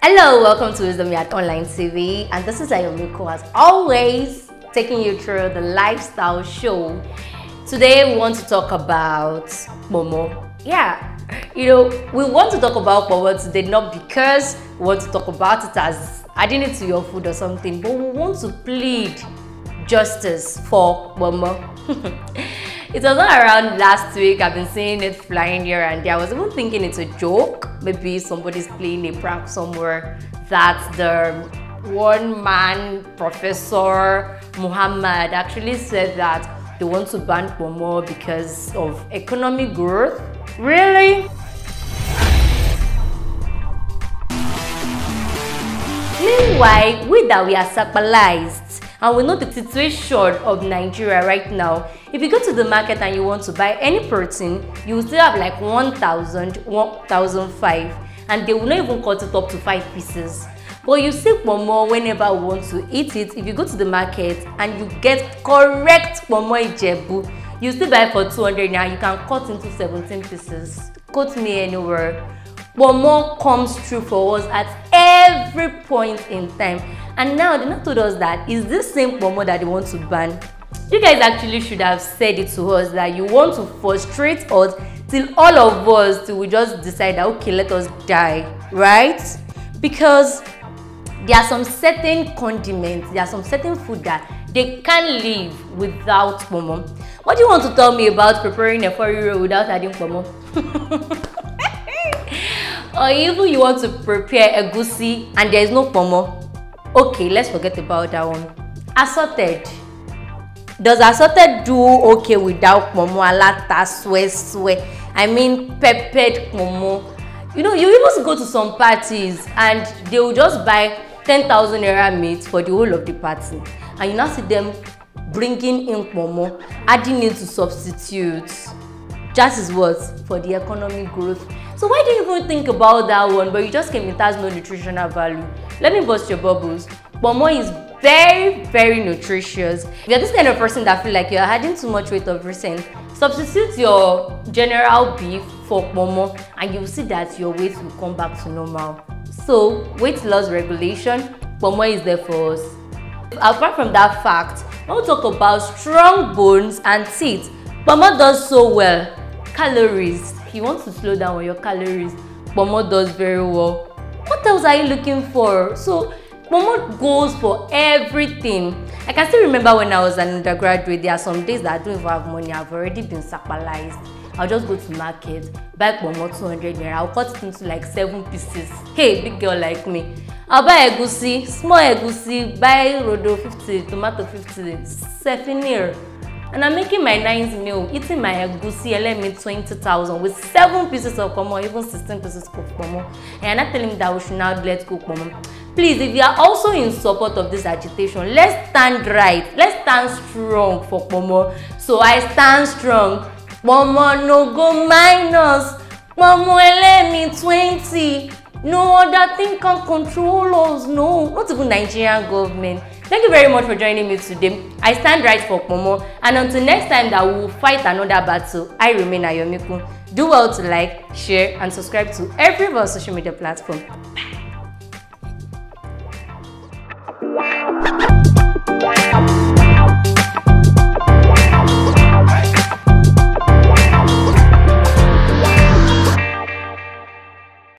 Hello, welcome to Wisdom Yard Online TV, and this is Ayomiko as always, taking you through the lifestyle show. Today, we want to talk about Momo. Yeah, you know, we want to talk about Momo today not because we want to talk about it as adding it to your food or something, but we want to plead justice for Momo. it was all around last week. I've been seeing it flying here and there. I was even thinking it's a joke. Maybe somebody's playing a prank somewhere that the one man professor Muhammad actually said that they want to ban Momo because of economic growth. Really? Why? we that we are sacralized and we know the situation of Nigeria right now. If you go to the market and you want to buy any protein, you will still have like one one thousand, thousand five, and they will not even cut it up to five pieces. But you see pomo whenever you want to eat it, if you go to the market and you get correct pomo Ijebu, you still buy for two hundred now, you can cut into seventeen pieces. Cut me anywhere. Pomo comes true for us at every point in time. And now they not told us that it's this same Pomo that they want to ban. You guys actually should have said it to us that you want to frustrate us till all of us till we just decide that okay let us die right because there are some certain condiments there are some certain food that they can't live without pomo what do you want to tell me about preparing a riro without adding pomo or even you want to prepare a goosey and there is no pomo okay let's forget about that one assorted does assorted do okay without pomo alata sweswe i mean peppered pomo you know you even go to some parties and they will just buy ten thousand naira meat for the whole of the party and you now see them bringing in pomo adding it to substitutes Just as what for the economic growth So why do you even think about that one but you just came it has no nutritional value? Let me bust your bubbles. Pomo is very very nutritious. If you're this kind of person that feel like you're adding too much weight of recent, substitute your general beef for pomo and you'll see that your weight will come back to normal. So weight loss regulation, pomo is there for us. Apart from that fact, I want to talk about strong bones and teeth. Pomo does so well. Calories, you want to slow down on your calories pomo does very well what else are you looking for so pomo goes for everything i can still remember when i was an undergraduate there are some days that i don't even have money i've already been sapalized I'll just go to market, buy pomo hundred naira, I'll cut it into like seven pieces. Hey, big girl like me. I'll buy egusi, small egusi, buy rodo fifty, tomato 50, sefinir and I'm making my ninth meal, eating my egusi elemi 20,000 with seven pieces of pomo, even 16 pieces of pomo. And I'm telling me that we should now let go pomo. Please, if you are also in support of this agitation, let's stand right, let's stand strong for pomo. So I stand strong. Pomo no go minus, pomo me 20. No other thing can control us, no, not even Nigerian government. Thank you very much for joining me today. I stand right for Pomo and until next time that we will fight another battle, I remain Ayomiku. Do well to like, share and subscribe to every of our social media platforms. Bye.